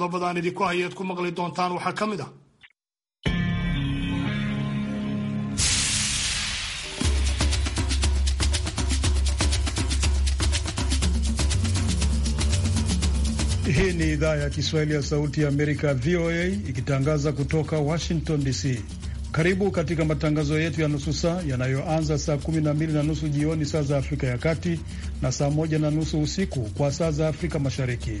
aan idinku hayaad ku maqli doontaan waxaa ka mid ah Hii ni idhaa ya Kiswahili ya Sauti ya Amerika, VOA, ikitangaza kutoka Washington DC. Karibu katika matangazo yetu ya nusu saa yanayoanza saa kumi na mbili na nusu jioni saa za Afrika ya Kati na saa moja na nusu usiku kwa saa za Afrika Mashariki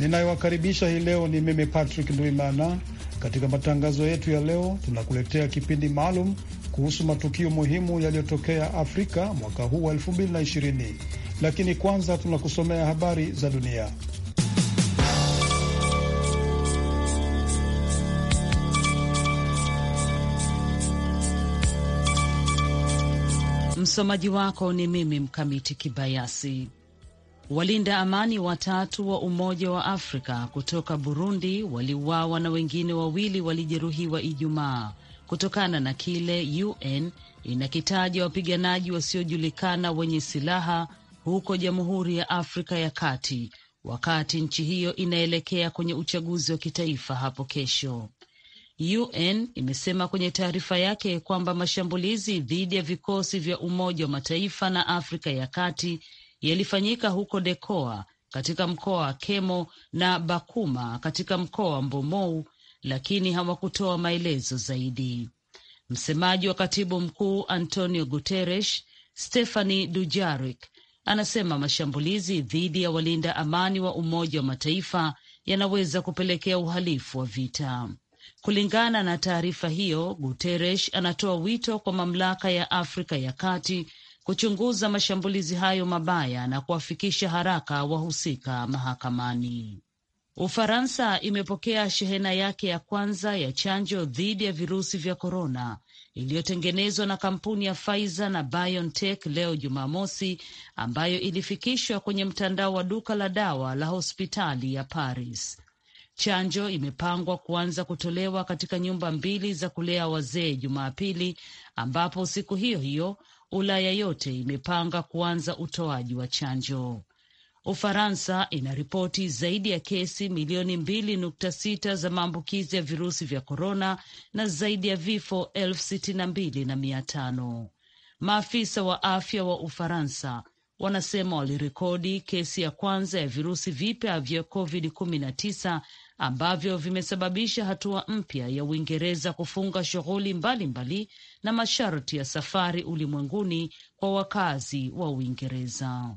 Ninayowakaribisha hii leo ni mimi Patrick Ndwimana. Katika matangazo yetu ya leo, tunakuletea kipindi maalum kuhusu matukio muhimu yaliyotokea Afrika mwaka huu wa 2020 lakini kwanza tunakusomea habari za dunia. Msomaji wako ni mimi Mkamiti Kibayasi. Walinda amani watatu wa Umoja wa Afrika kutoka Burundi waliuawa na wengine wawili walijeruhiwa Ijumaa kutokana na kile UN inakitaja wapiganaji wasiojulikana wenye silaha huko Jamhuri ya Afrika ya Kati, wakati nchi hiyo inaelekea kwenye uchaguzi wa kitaifa hapo kesho. UN imesema kwenye taarifa yake kwamba mashambulizi dhidi ya vikosi vya Umoja wa Mataifa na Afrika ya Kati yalifanyika huko Dekoa katika mkoa wa Kemo na Bakuma katika mkoa wa Mbomou, lakini hawakutoa maelezo zaidi. Msemaji wa katibu mkuu Antonio Guterres, Stephani Dujarik, anasema mashambulizi dhidi ya walinda amani wa Umoja wa Mataifa yanaweza kupelekea uhalifu wa vita. Kulingana na taarifa hiyo, Guterres anatoa wito kwa mamlaka ya Afrika ya Kati kuchunguza mashambulizi hayo mabaya na kuwafikisha haraka wahusika mahakamani. Ufaransa imepokea shehena yake ya kwanza ya chanjo dhidi ya virusi vya korona iliyotengenezwa na kampuni ya Pfizer na BioNTech leo Jumamosi, ambayo ilifikishwa kwenye mtandao wa duka la dawa la hospitali ya Paris. Chanjo imepangwa kuanza kutolewa katika nyumba mbili za kulea wazee Jumapili, ambapo siku hiyo hiyo Ulaya yote imepanga kuanza utoaji wa chanjo. Ufaransa inaripoti zaidi ya kesi milioni mbili nukta sita za maambukizi ya virusi vya korona na zaidi ya vifo elfu sitini na mbili na mia tano. Maafisa wa afya wa Ufaransa wanasema walirekodi kesi ya kwanza ya virusi vipya vya COVID-19 ambavyo vimesababisha hatua mpya ya Uingereza kufunga shughuli mbalimbali na masharti ya safari ulimwenguni kwa wakazi wa Uingereza.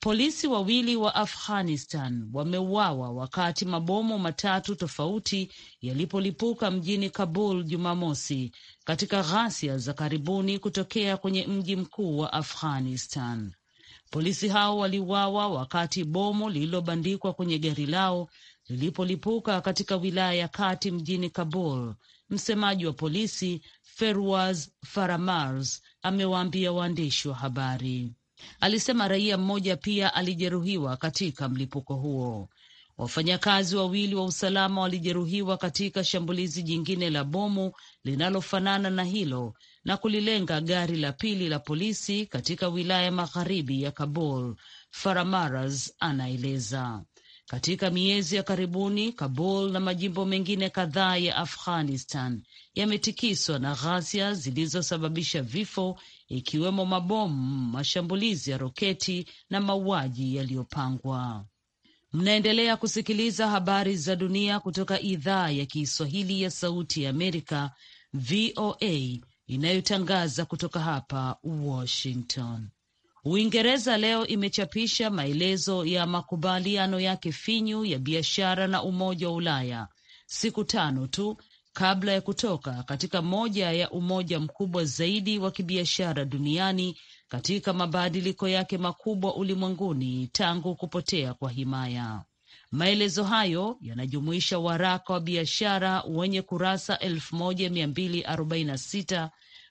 Polisi wawili wa Afghanistan wameuawa wakati mabomu matatu tofauti yalipolipuka mjini Kabul Jumamosi katika ghasia za karibuni kutokea kwenye mji mkuu wa Afghanistan. Polisi hao waliuawa wakati bomu lililobandikwa kwenye gari lao lilipolipuka katika wilaya ya kati mjini Kabul. Msemaji wa polisi ferwas Faramars amewaambia waandishi wa habari, alisema raia mmoja pia alijeruhiwa katika mlipuko huo. Wafanyakazi wawili wa usalama walijeruhiwa katika shambulizi jingine la bomu linalofanana na hilo na kulilenga gari la pili la polisi katika wilaya magharibi ya Kabul. Faramaras anaeleza katika miezi ya karibuni, Kabul na majimbo mengine kadhaa ya Afghanistan yametikiswa na ghasia zilizosababisha vifo, ikiwemo mabomu, mashambulizi ya roketi na mauaji yaliyopangwa. Mnaendelea kusikiliza habari za dunia kutoka idhaa ya Kiswahili ya Sauti ya Amerika, VOA, inayotangaza kutoka hapa Washington. Uingereza leo imechapisha maelezo ya makubaliano yake finyu ya biashara na Umoja wa Ulaya siku tano tu kabla ya kutoka katika moja ya umoja mkubwa zaidi wa kibiashara duniani katika mabadiliko yake makubwa ulimwenguni tangu kupotea kwa himaya. Maelezo hayo yanajumuisha waraka wa biashara wenye kurasa 1246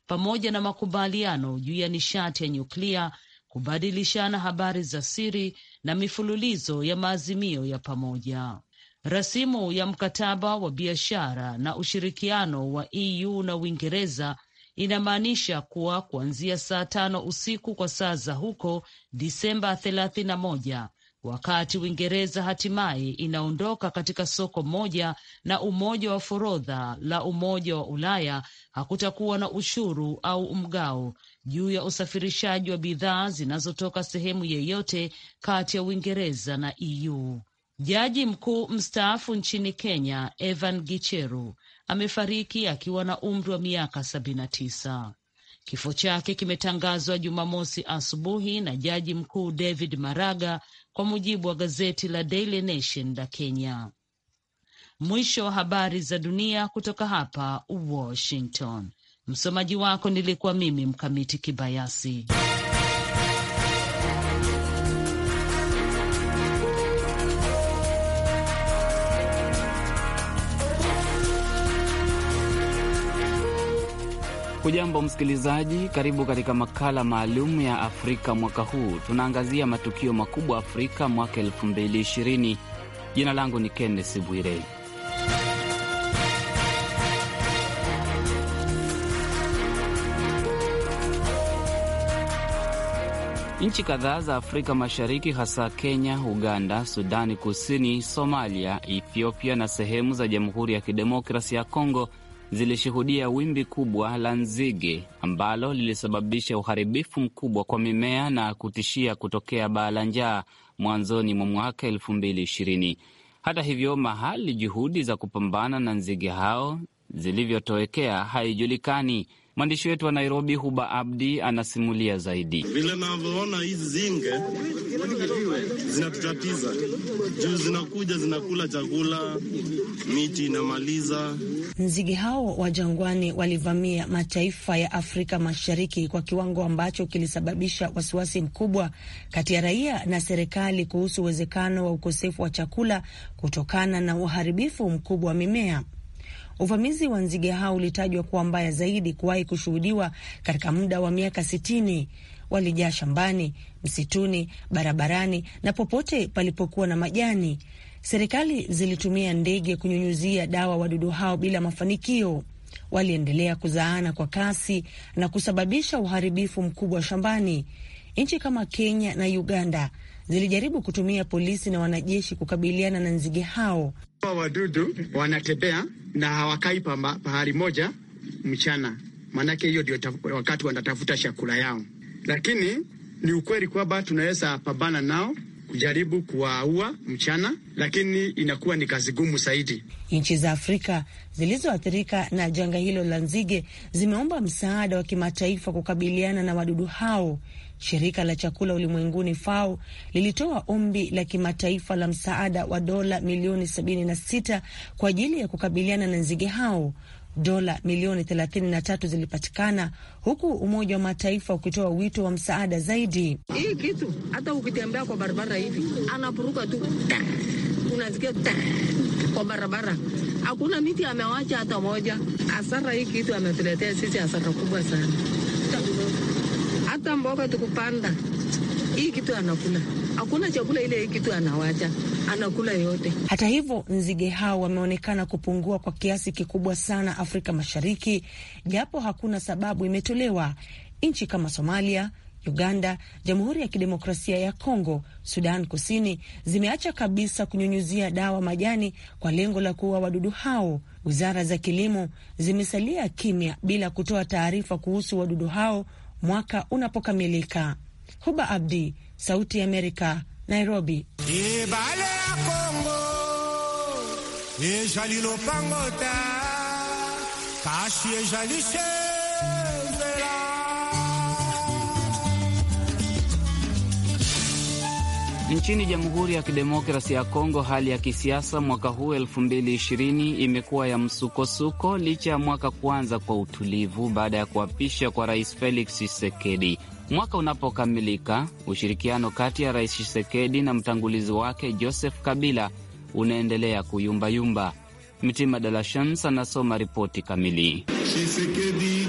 pamoja na makubaliano juu ya nishati ya nyuklia kubadilishana habari za siri na mifululizo ya maazimio ya pamoja. Rasimu ya mkataba wa biashara na ushirikiano wa EU na Uingereza inamaanisha kuwa kuanzia saa tano usiku kwa saa za huko Disemba 31 wakati Uingereza hatimaye inaondoka katika soko moja na umoja wa forodha la Umoja wa Ulaya, hakutakuwa na ushuru au mgao juu ya usafirishaji wa bidhaa zinazotoka sehemu yeyote kati ya Uingereza na EU. Jaji mkuu mstaafu nchini Kenya Evan Gicheru amefariki akiwa na umri wa miaka sabini na tisa. Kifo chake kimetangazwa Jumamosi asubuhi na jaji mkuu David Maraga, kwa mujibu wa gazeti la Daily Nation la Kenya. Mwisho wa habari za dunia kutoka hapa Washington. Msomaji wako nilikuwa mimi Mkamiti Kibayasi. Hujambo msikilizaji, karibu katika makala maalum ya Afrika mwaka huu. Tunaangazia matukio makubwa Afrika mwaka 220 Jina langu ni Kenneth Bwire. Nchi kadhaa za Afrika Mashariki, hasa Kenya, Uganda, Sudani Kusini, Somalia, Ethiopia na sehemu za Jamhuri ya Kidemokrasi ya Kongo zilishuhudia wimbi kubwa la nzige ambalo lilisababisha uharibifu mkubwa kwa mimea na kutishia kutokea baa la njaa mwanzoni mwa mwaka 220 Hata hivyo, mahali juhudi za kupambana na nzige hao zilivyotowekea haijulikani. Mwandishi wetu wa Nairobi, Huba Abdi, anasimulia zaidi. Vile navyoona hizi zinge zinatutatiza juu zinakuja zinakula chakula, miti inamaliza. Nzige hao wa jangwani walivamia mataifa ya Afrika Mashariki kwa kiwango ambacho kilisababisha wasiwasi mkubwa kati ya raia na serikali kuhusu uwezekano wa ukosefu wa chakula kutokana na uharibifu mkubwa wa mimea. Uvamizi wa nzige hao ulitajwa kuwa mbaya zaidi kuwahi kushuhudiwa katika muda wa miaka sitini. Walijaa shambani, msituni, barabarani na popote palipokuwa na majani. Serikali zilitumia ndege kunyunyuzia dawa wadudu hao bila mafanikio. Waliendelea kuzaana kwa kasi na kusababisha uharibifu mkubwa shambani. Nchi kama Kenya na Uganda zilijaribu kutumia polisi na wanajeshi kukabiliana na nzige hao. Hawa wadudu wanatembea na hawakai pahali moja mchana, maanake hiyo ndio wakati wanatafuta chakula yao, lakini ni ukweli kwamba tunaweza pambana nao kujaribu kuwaua mchana, lakini inakuwa ni kazi gumu zaidi. Nchi za Afrika zilizoathirika na janga hilo la nzige zimeomba msaada wa kimataifa kukabiliana na wadudu hao. Shirika la chakula ulimwenguni FAO lilitoa ombi la kimataifa la msaada wa dola milioni 76 kwa ajili ya kukabiliana na nzige hao. Dola milioni 33 zilipatikana huku Umoja wa Mataifa ukitoa wito wa msaada zaidi. Hii kitu hata ukitembea kwa barabara hivi anapuruka tu, unasikia kwa barabara, hakuna miti amewacha hata moja. Hasara hii kitu ametuletea sisi hasara kubwa sana hata mboga tukupanda hii kitu anakula hakuna chakula ile hii kitu anawacha anakula yote. Hata hivyo, nzige hao wameonekana kupungua kwa kiasi kikubwa sana Afrika Mashariki, japo hakuna sababu imetolewa. Nchi kama Somalia, Uganda, Jamhuri ya Kidemokrasia ya Kongo, Sudan Kusini zimeacha kabisa kunyunyuzia dawa majani kwa lengo la kuua wadudu hao. Wizara za kilimo zimesalia kimya bila kutoa taarifa kuhusu wadudu hao mwaka unapokamilika. Huba Abdi, Sauti ya Amerika, Nairobi. Ibale ya Kongo ejalilopangota lopangota kashi ejali Nchini Jamhuri ya Kidemokrasi ya Kongo, hali ya kisiasa mwaka huu ishirini imekuwa ya msukosuko licha ya mwaka kuanza kwa utulivu baada ya kuapishwa kwa Rais Felix Tshisekedi. Mwaka unapokamilika, ushirikiano kati ya Rais Tshisekedi na mtangulizi wake Joseph Kabila unaendelea kuyumbayumba. Mtima Dalashans anasoma ripoti kamili. Tshisekedi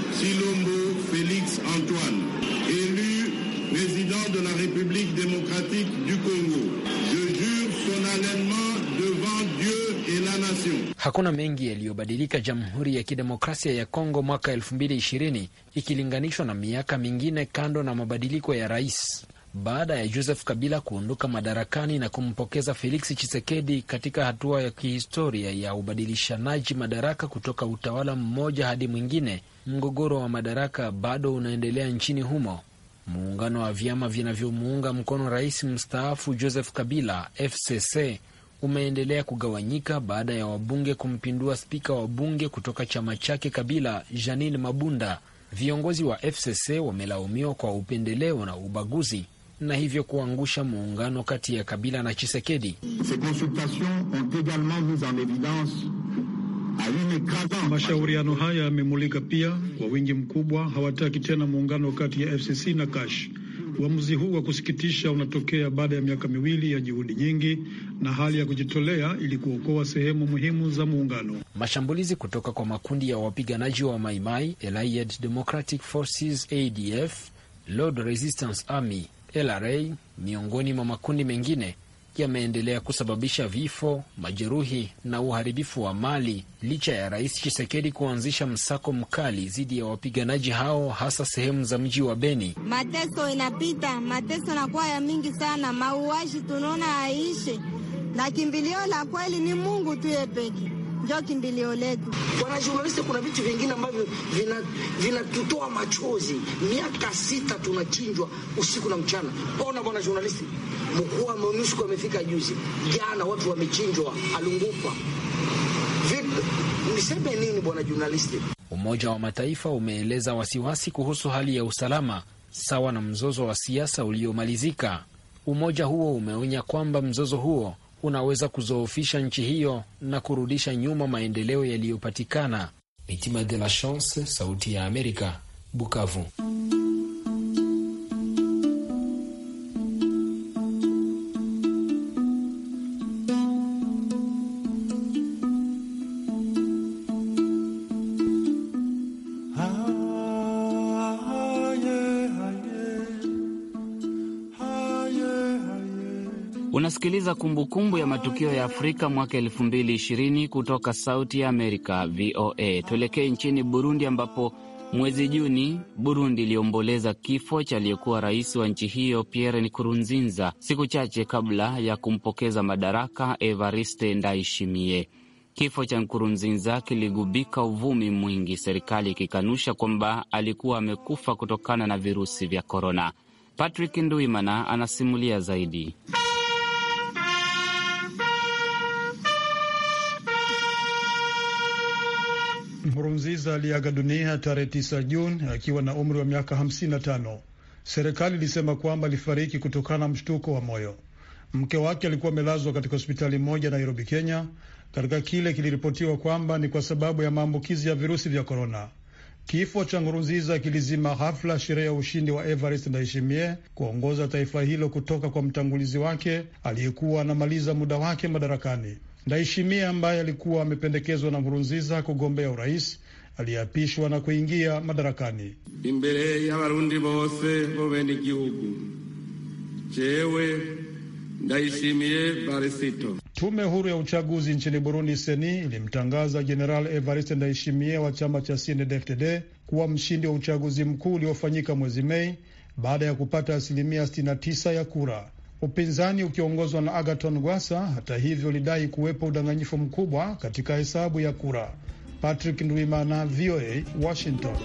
Hakuna mengi yaliyobadilika Jamhuri ya Kidemokrasia ya Kongo mwaka 220 ikilinganishwa na miaka mingine, kando na mabadiliko ya rais baada ya Joseph Kabila kuondoka madarakani na kumpokeza Felix Tshisekedi katika hatua ya kihistoria ya ubadilishanaji madaraka kutoka utawala mmoja hadi mwingine. Mgogoro wa madaraka bado unaendelea nchini humo. Muungano wa vyama vinavyomuunga mkono rais mstaafu Joseph Kabila, FCC, umeendelea kugawanyika baada ya wabunge kumpindua spika wa bunge kutoka chama chake Kabila, janin Mabunda. Viongozi wa FCC wamelaumiwa kwa upendeleo na ubaguzi na hivyo kuangusha muungano kati ya Kabila na Chisekedi. Mashauriano haya yamemulika pia kwa wingi mkubwa, hawataki tena muungano kati ya FCC na Kash. Uamuzi huu wa kusikitisha unatokea baada ya miaka miwili ya juhudi nyingi na hali ya kujitolea ili kuokoa sehemu muhimu za muungano. Mashambulizi kutoka kwa makundi ya wapiganaji wa Maimai, Allied Democratic Forces ADF, Lord Resistance Army LRA, miongoni mwa makundi mengine yameendelea kusababisha vifo, majeruhi na uharibifu wa mali licha ya Rais chisekedi kuanzisha msako mkali dhidi ya wapiganaji hao, hasa sehemu za mji wa Beni. Mateso inapita, mateso nakuwa ya mingi sana, mauaji tunaona aishe, na kimbilio la kweli ni Mungu tuyepeki ndio kimbilio letu. Wanajournalisti, kuna vitu vingine ambavyo vinatutoa vina machozi. Miaka sita tunachinjwa usiku na mchana. Ona bwana journalisti, mkuu wa MONUSCO amefika juzi, jana watu wamechinjwa alungupa Niseme nini bwana journalisti? Umoja wa Mataifa umeeleza wasiwasi kuhusu hali ya usalama sawa na mzozo wa siasa uliomalizika. Umoja huo umeonya kwamba mzozo huo unaweza kuzoofisha nchi hiyo na kurudisha nyuma maendeleo yaliyopatikana. Mitima de la Chance, Sauti ya Amerika, Bukavu. kusikiliza kumbukumbu ya matukio ya Afrika mwaka 220 kutoka Sauti ya Amerika, VOA. Tuelekee nchini Burundi, ambapo mwezi Juni Burundi iliomboleza kifo cha aliyekuwa rais wa nchi hiyo Pierre Nkurunziza, siku chache kabla ya kumpokeza madaraka Evariste Ndayishimiye. Kifo cha Nkurunziza kiligubika uvumi mwingi, serikali ikikanusha kwamba alikuwa amekufa kutokana na virusi vya korona. Patrick Nduimana anasimulia zaidi. Nkurunziza aliaga dunia tarehe 9 Juni akiwa na umri wa miaka 55. Serikali ilisema kwamba alifariki kutokana na mshtuko wa moyo. Mke wake alikuwa amelazwa katika hospitali moja Nairobi, Kenya, katika kile kiliripotiwa kwamba ni kwa sababu ya maambukizi ya virusi vya korona. Kifo cha Nkurunziza kilizima hafla sherehe ya ushindi wa Evarist Ndayishimiye kuongoza taifa hilo kutoka kwa mtangulizi wake aliyekuwa anamaliza muda wake madarakani. Ndaishimia ambaye alikuwa amependekezwa na Nkurunziza kugombea urais aliyeapishwa na kuingia madarakani. imbere y'abarundi bose bo bene igihugu jewe ndayishimiye Barisito. Tume huru ya uchaguzi nchini Burundi seni ilimtangaza Jeneral Evariste Ndayishimiye wa chama cha CNDD-FDD kuwa mshindi wa uchaguzi mkuu uliofanyika mwezi Mei baada ya kupata asilimia 69 ya kura. Upinzani ukiongozwa na Agaton Gwasa, hata hivyo, ulidai kuwepo udanganyifu mkubwa katika hesabu ya kura. Patrick Ndwimana, VOA, Washington.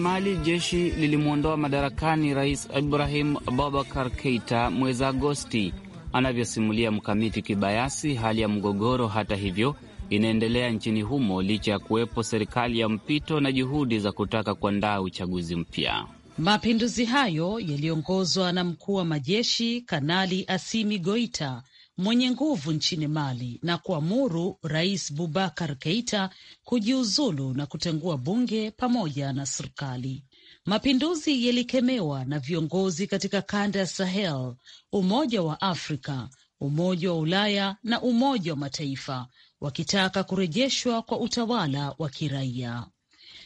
Mali, jeshi lilimwondoa madarakani Rais Ibrahim Boubacar Keita mwezi Agosti. Anavyosimulia Mkamiti Kibayasi, hali ya mgogoro hata hivyo inaendelea nchini humo licha ya kuwepo serikali ya mpito na juhudi za kutaka kuandaa uchaguzi mpya. Mapinduzi hayo yaliongozwa na mkuu wa majeshi Kanali Asimi Goita mwenye nguvu nchini Mali na kuamuru Rais Bubakar Keita kujiuzulu na kutengua bunge pamoja na serikali. Mapinduzi yalikemewa na viongozi katika kanda ya Sahel, Umoja wa Afrika, Umoja wa Ulaya na Umoja wa Mataifa wakitaka kurejeshwa kwa utawala wa kiraia.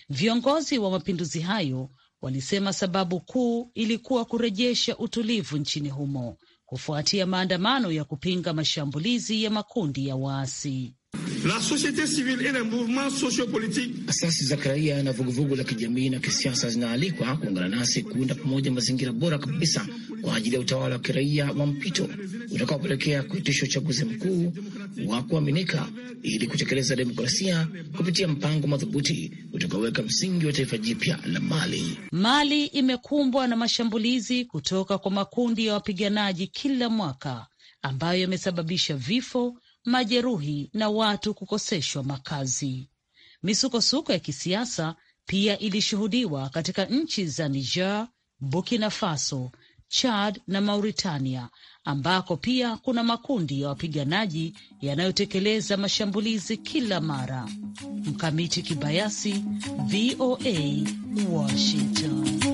Viongozi wa mapinduzi hayo walisema sababu kuu ilikuwa kurejesha utulivu nchini humo kufuatia maandamano ya kupinga mashambulizi ya makundi ya waasi. La société civile les mouvements sociopolitiques. Asasi za kiraia na vuguvugu la kijamii na kisiasa zinaalikwa kuungana nasi kuunda pamoja mazingira bora kabisa kwa ajili ya utawala wa kiraia wa mpito utakaopelekea kuitisha uchaguzi mkuu wa kuaminika ili kutekeleza demokrasia kupitia mpango madhubuti utakaoweka msingi wa taifa jipya la Mali. Mali imekumbwa na mashambulizi kutoka kwa makundi ya wapiganaji kila mwaka ambayo yamesababisha vifo majeruhi na watu kukoseshwa makazi. Misukosuko ya kisiasa pia ilishuhudiwa katika nchi za Niger, Burkina Faso, Chad na Mauritania ambako pia kuna makundi ya wapiganaji yanayotekeleza mashambulizi kila mara. Mkamiti Kibayasi, VOA, Washington.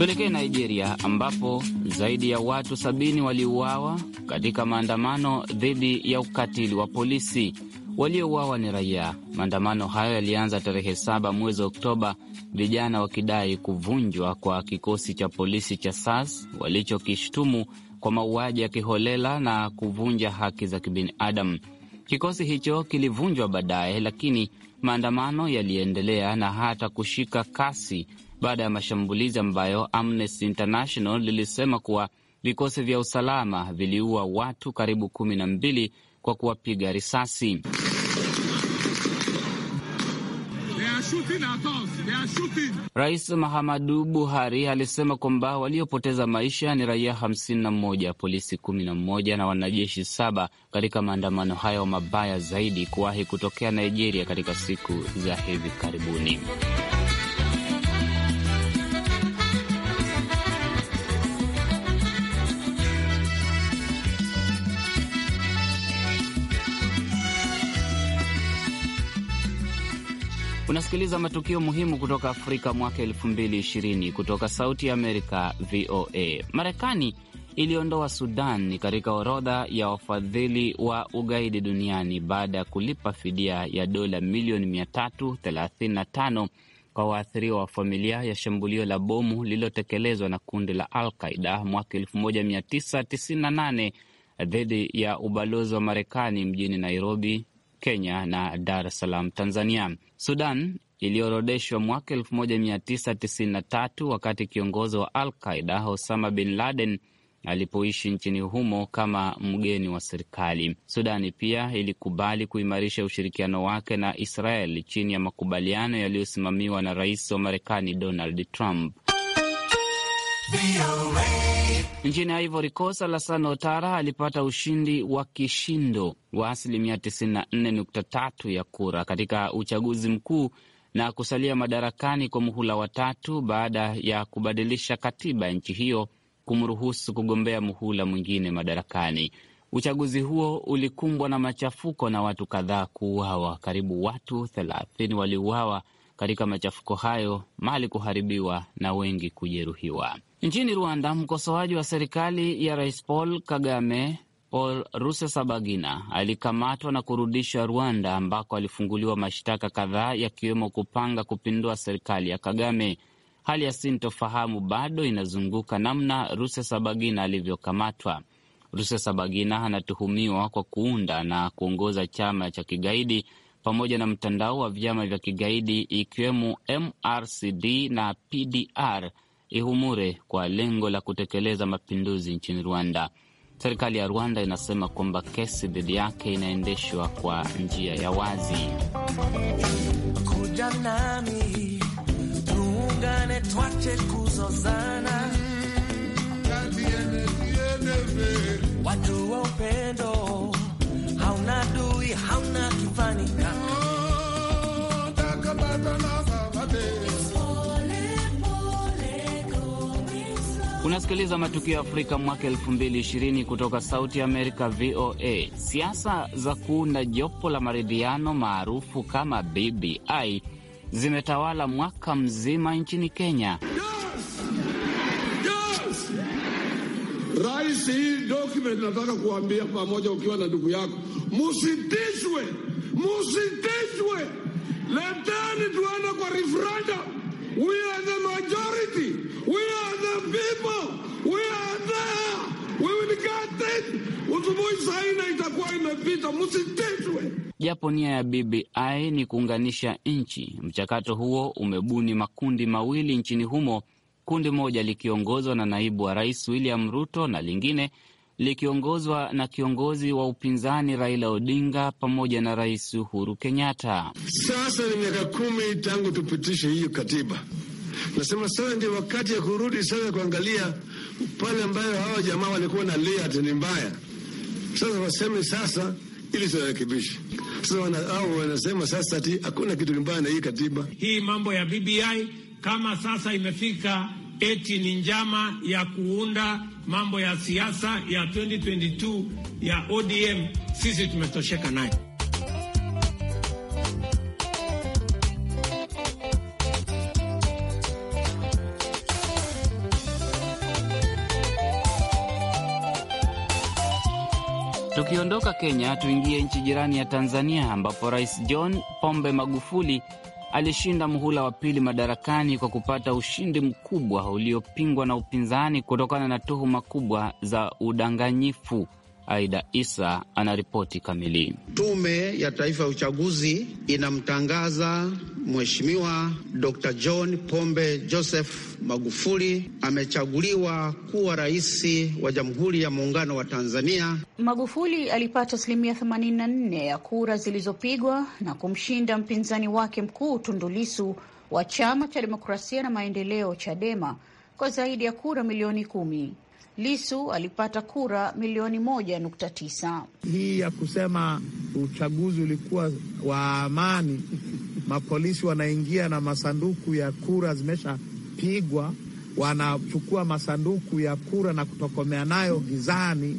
Tuelekee Nigeria ambapo zaidi ya watu sabini waliuawa katika maandamano dhidi ya ukatili wa polisi. Waliouawa ni raia. Maandamano hayo yalianza tarehe saba mwezi Oktoba, vijana wakidai kuvunjwa kwa kikosi cha polisi cha SAS walichokishtumu kwa mauaji ya kiholela na kuvunja haki za kibinadamu. Kikosi hicho kilivunjwa baadaye, lakini maandamano yaliendelea na hata kushika kasi baada ya mashambulizi ambayo Amnesty International lilisema kuwa vikosi vya usalama viliua watu karibu kumi na mbili kwa kuwapiga risasi. Rais Mahamadu Buhari alisema kwamba waliopoteza maisha ni raia 51, polisi 11 na wanajeshi saba katika maandamano hayo mabaya zaidi kuwahi kutokea Nigeria katika siku za hivi karibuni. Unasikiliza matukio muhimu kutoka Afrika mwaka 2020 kutoka Sauti ya Amerika, VOA. Marekani iliondoa Sudan katika orodha ya wafadhili wa ugaidi duniani baada ya kulipa fidia ya dola milioni 335 kwa waathiriwa wa familia ya shambulio la bomu lililotekelezwa na kundi la Al Qaida mwaka 1998 dhidi ya ubalozi wa Marekani mjini Nairobi Kenya na Dar es Salaam Tanzania. Sudan iliorodeshwa mwaka 1993 wakati kiongozi wa Al Qaida Osama bin Laden alipoishi nchini humo kama mgeni wa serikali. Sudani pia ilikubali kuimarisha ushirikiano wake na Israel chini ya makubaliano yaliyosimamiwa na rais wa Marekani Donald Trump. Nchini Ivory Coast, Alassane Ouattara alipata ushindi wa kishindo wa asilimia 94.3 ya kura katika uchaguzi mkuu na kusalia madarakani kwa muhula watatu baada ya kubadilisha katiba ya nchi hiyo kumruhusu kugombea muhula mwingine madarakani. Uchaguzi huo ulikumbwa na machafuko na watu kadhaa kuuawa. Karibu watu 30 waliuawa katika machafuko hayo, mali kuharibiwa na wengi kujeruhiwa. Nchini Rwanda, mkosoaji wa serikali ya Rais Paul Kagame Paul Rusesabagina alikamatwa na kurudishwa Rwanda ambako alifunguliwa mashtaka kadhaa yakiwemo kupanga kupindua serikali ya Kagame. Hali ya sintofahamu bado inazunguka namna Rusesabagina alivyokamatwa. Rusesabagina anatuhumiwa kwa kuunda na kuongoza chama cha kigaidi pamoja na mtandao wa vyama vya kigaidi ikiwemo MRCD na PDR Ihumure kwa lengo la kutekeleza mapinduzi nchini Rwanda. Serikali ya Rwanda inasema kwamba kesi dhidi yake inaendeshwa kwa njia ya wazi. Kuja nami tuungane, twache kuzozana, watu wa upendo hauna dui, hauna kifani Unasikiliza matukio ya Afrika mwaka 2020 kutoka Sauti ya Amerika, VOA. Siasa za kuunda jopo la maridhiano maarufu kama BBI zimetawala mwaka mzima nchini Kenya. No! Rais, hii document nataka kuambia pamoja, ukiwa na ndugu yako, musitishwe, musitishwe. Leteni tuende kwa referendum. We are the majority, we are the people, we are there, we will get it. Usubuhi saina itakuwa imepita, musitishwe. Japo nia ya BBI ni kuunganisha nchi, mchakato huo umebuni makundi mawili nchini humo kundi moja likiongozwa na naibu wa rais William Ruto na lingine likiongozwa na kiongozi wa upinzani Raila Odinga pamoja na rais Uhuru Kenyatta. Sasa ni miaka kumi tangu tupitishe hiyo katiba. Nasema sasa ndio wakati ya kurudi sasa kuangalia pale ambayo hawa jamaa walikuwa na lia ati ni mbaya. Sasa waseme sasa ili tunarekebisha. Sasa wana, au wanasema sasa ati hakuna kitu kimbaya na hii katiba. Hii mambo ya BBI kama sasa imefika eti ni njama ya kuunda mambo ya siasa ya 2022 ya ODM. Sisi tumetosheka nayo. Tukiondoka Kenya, tuingie nchi jirani ya Tanzania ambapo Rais John Pombe Magufuli alishinda mhula wa pili madarakani kwa kupata ushindi mkubwa uliopingwa na upinzani kutokana na tuhuma kubwa za udanganyifu. Aida Isa anaripoti kamili. Tume ya Taifa ya Uchaguzi inamtangaza Mheshimiwa Dr. John Pombe Joseph Magufuli amechaguliwa kuwa rais wa Jamhuri ya Muungano wa Tanzania. Magufuli alipata asilimia 84 ya kura zilizopigwa na kumshinda mpinzani wake mkuu Tundulisu wa Chama cha Demokrasia na Maendeleo, CHADEMA, kwa zaidi ya kura milioni kumi. Lisu alipata kura milioni moja nukta tisa. Hii ya kusema uchaguzi ulikuwa wa amani, mapolisi wanaingia na masanduku ya kura zimeshapigwa, wanachukua masanduku ya kura na kutokomea nayo gizani.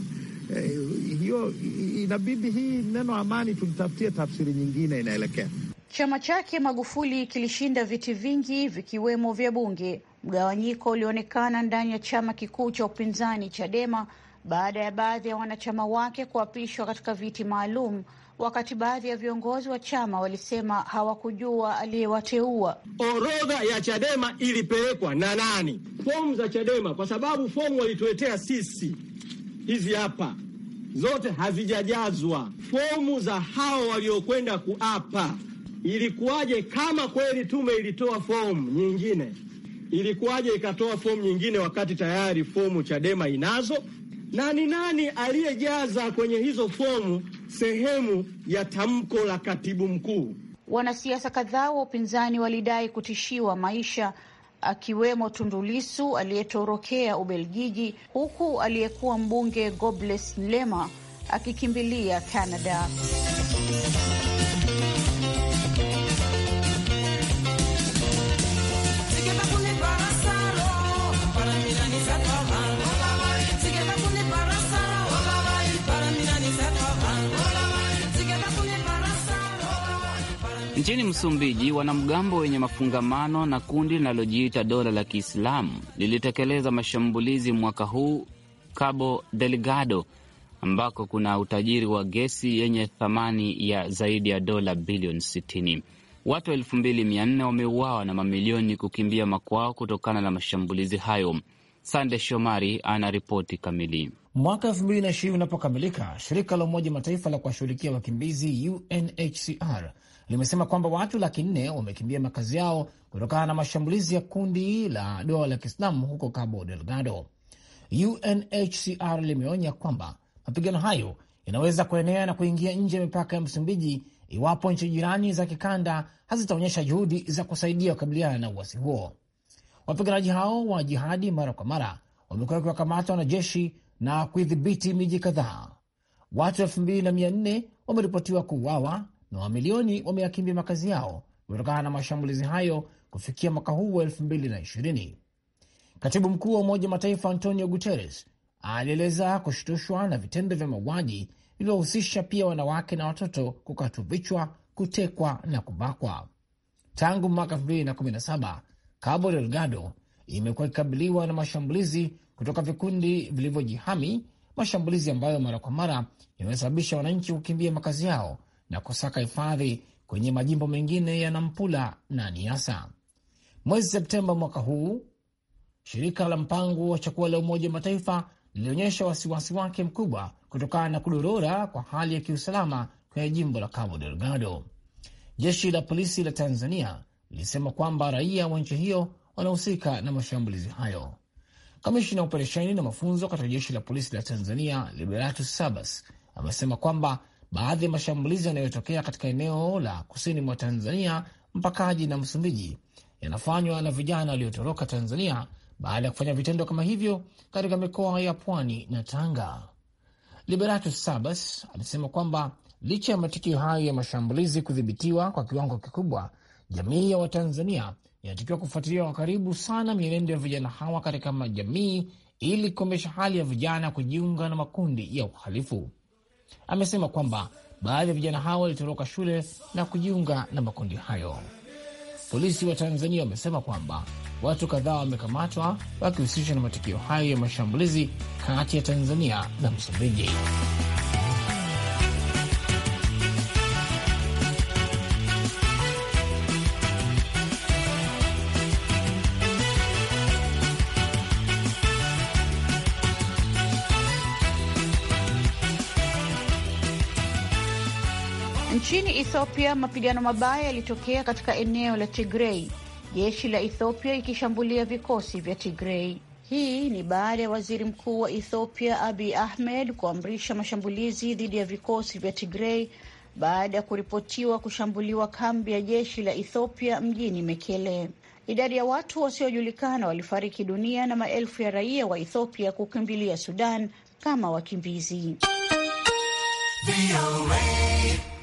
Eh, hiyo inabidi hii neno amani tulitafutie tafsiri nyingine inaelekea. Chama chake Magufuli kilishinda viti vingi vikiwemo vya bunge Mgawanyiko ulionekana ndani ya chama kikuu cha upinzani Chadema baada ya baadhi ya wanachama wake kuapishwa katika viti maalum, wakati baadhi ya viongozi wa chama walisema hawakujua aliyewateua. Orodha ya Chadema ilipelekwa na nani? Fomu za Chadema, kwa sababu fomu walituletea sisi hizi hapa zote hazijajazwa. Fomu za hao waliokwenda kuapa, ilikuwaje kama kweli tume ilitoa fomu nyingine? ilikuwaje ikatoa fomu nyingine wakati tayari fomu Chadema inazo? Na ni nani aliyejaza kwenye hizo fomu sehemu ya tamko la katibu mkuu? Wanasiasa kadhaa wa upinzani walidai kutishiwa maisha akiwemo Tundu Lissu aliyetorokea Ubelgiji, huku aliyekuwa mbunge gobles Lema akikimbilia Canada. Nchini Msumbiji, wanamgambo wenye mafungamano na kundi linalojiita dola la Kiislamu lilitekeleza mashambulizi mwaka huu Cabo Delgado, ambako kuna utajiri wa gesi yenye thamani ya zaidi ya dola bilioni 60. Watu 2400 wameuawa na mamilioni kukimbia makwao kutokana na mashambulizi hayo. Sande Shomari ana ripoti kamili. Mwaka 2020 unapokamilika, shirika la Umoja Mataifa la kuwashughulikia wakimbizi UNHCR limesema kwamba watu laki nne wamekimbia makazi yao kutokana na mashambulizi ya kundi la dola la Kiislamu huko Cabo Delgado. UNHCR limeonya kwamba mapigano hayo yanaweza kuenea na kuingia nje ya mipaka ya Msumbiji iwapo nchi jirani za kikanda hazitaonyesha juhudi za kusaidia kukabiliana na uasi huo. Wapiganaji hao wa jihadi mara kwa mara wamekuwa wakiwakamatwa na jeshi na kuidhibiti miji kadhaa. Watu elfu mbili na mia nne wameripotiwa kuuawa na mamilioni wameyakimbia makazi yao kutokana na mashambulizi hayo kufikia mwaka huu wa 2020. Katibu mkuu wa Umoja wa Mataifa Antonio Guterres alieleza kushtushwa na vitendo vya mauaji vilivyohusisha pia wanawake na watoto kukatwa vichwa, kutekwa na kubakwa. Tangu mwaka 2017 Cabo Delgado imekuwa ikikabiliwa na mashambulizi kutoka vikundi vilivyojihami, mashambulizi ambayo mara kwa mara yamesababisha wananchi kukimbia makazi yao na kusaka hifadhi kwenye majimbo mengine ya Nampula na Niasa. Mwezi Septemba mwaka huu, shirika la mpango wa chakula la Umoja wa Mataifa lilionyesha wasiwasi wake mkubwa kutokana na kudorora kwa hali ya kiusalama kwenye jimbo la Cabo Delgado. Jeshi la polisi la Tanzania lilisema kwamba raia wa nchi hiyo wanahusika na mashambulizi hayo. Kamishina operesheni na mafunzo katika jeshi la polisi la Tanzania, Liberatus Sabas, amesema kwamba baadhi ya mashambulizi yanayotokea katika eneo la kusini mwa Tanzania mpakaji na Msumbiji yanafanywa na vijana waliotoroka Tanzania baada ya kufanya vitendo kama hivyo katika mikoa ya Pwani na Tanga. Liberatus Sabas alisema kwamba licha ya matukio hayo ya mashambulizi kudhibitiwa kwa kiwango kikubwa, jamii ya Watanzania inatakiwa kufuatilia kwa karibu sana mienendo ya vijana hawa katika majamii ili kukomesha hali ya vijana kujiunga na makundi ya uhalifu. Amesema kwamba baadhi ya vijana hao walitoroka shule na kujiunga na makundi hayo. Polisi wa Tanzania wamesema kwamba watu kadhaa wamekamatwa wakihusishwa na matukio hayo ya mashambulizi kati ya Tanzania na Msumbiji. Ethiopia, mapigano mabaya yalitokea katika eneo la Tigrei, jeshi la Ethiopia ikishambulia vikosi vya Tigrei. Hii ni baada ya waziri mkuu wa Ethiopia abi Ahmed kuamrisha mashambulizi dhidi ya vikosi vya Tigrei baada ya kuripotiwa kushambuliwa kambi ya jeshi la Ethiopia mjini Mekele. Idadi ya watu wasiojulikana walifariki dunia na maelfu ya raia wa Ethiopia kukimbilia Sudan kama wakimbizi.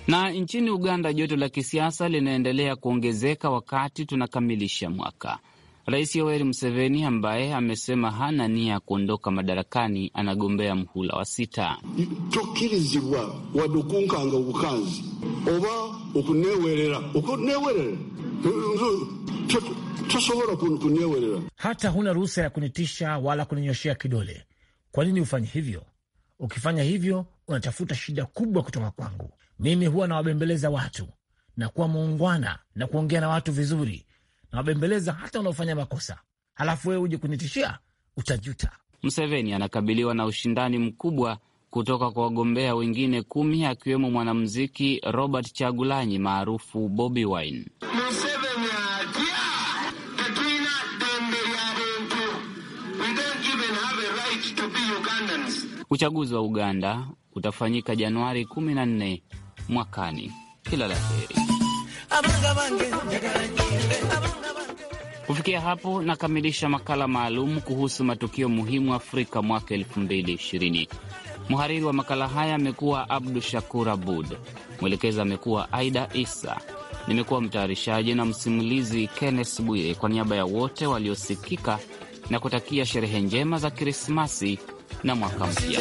Na nchini Uganda joto la kisiasa linaendelea kuongezeka wakati tunakamilisha mwaka. Rais Yoweri Museveni ambaye amesema hana nia ya kuondoka madarakani anagombea mhula wa sita. tokirizibwa wadde okunkanga oba okunewerera okunewerera tosobola kunewerera. Hata huna ruhusa ya kunitisha wala kuninyoshea kidole. Kwa nini ufanye hivyo? Ukifanya hivyo unatafuta shida kubwa kutoka kwangu. Mimi huwa nawabembeleza watu na kuwa muungwana na kuongea na watu vizuri, nawabembeleza hata wanaofanya makosa, halafu wewe uje kunitishia, utajuta. Mseveni anakabiliwa na ushindani mkubwa kutoka kwa wagombea wengine kumi akiwemo mwanamuziki Robert Chagulanyi maarufu Bobi Wine. Uchaguzi wa Uganda utafanyika Januari 14 mwakani. Kila la heri. Kufikia hapo nakamilisha makala maalum kuhusu matukio muhimu Afrika mwaka 2020. Mhariri wa makala haya amekuwa Abdu Shakur Abud, mwelekezi amekuwa Aida Isa, nimekuwa mtayarishaji na msimulizi kennes Bwire, kwa niaba ya wote waliosikika na kutakia sherehe njema za Krismasi na mwaka mpya.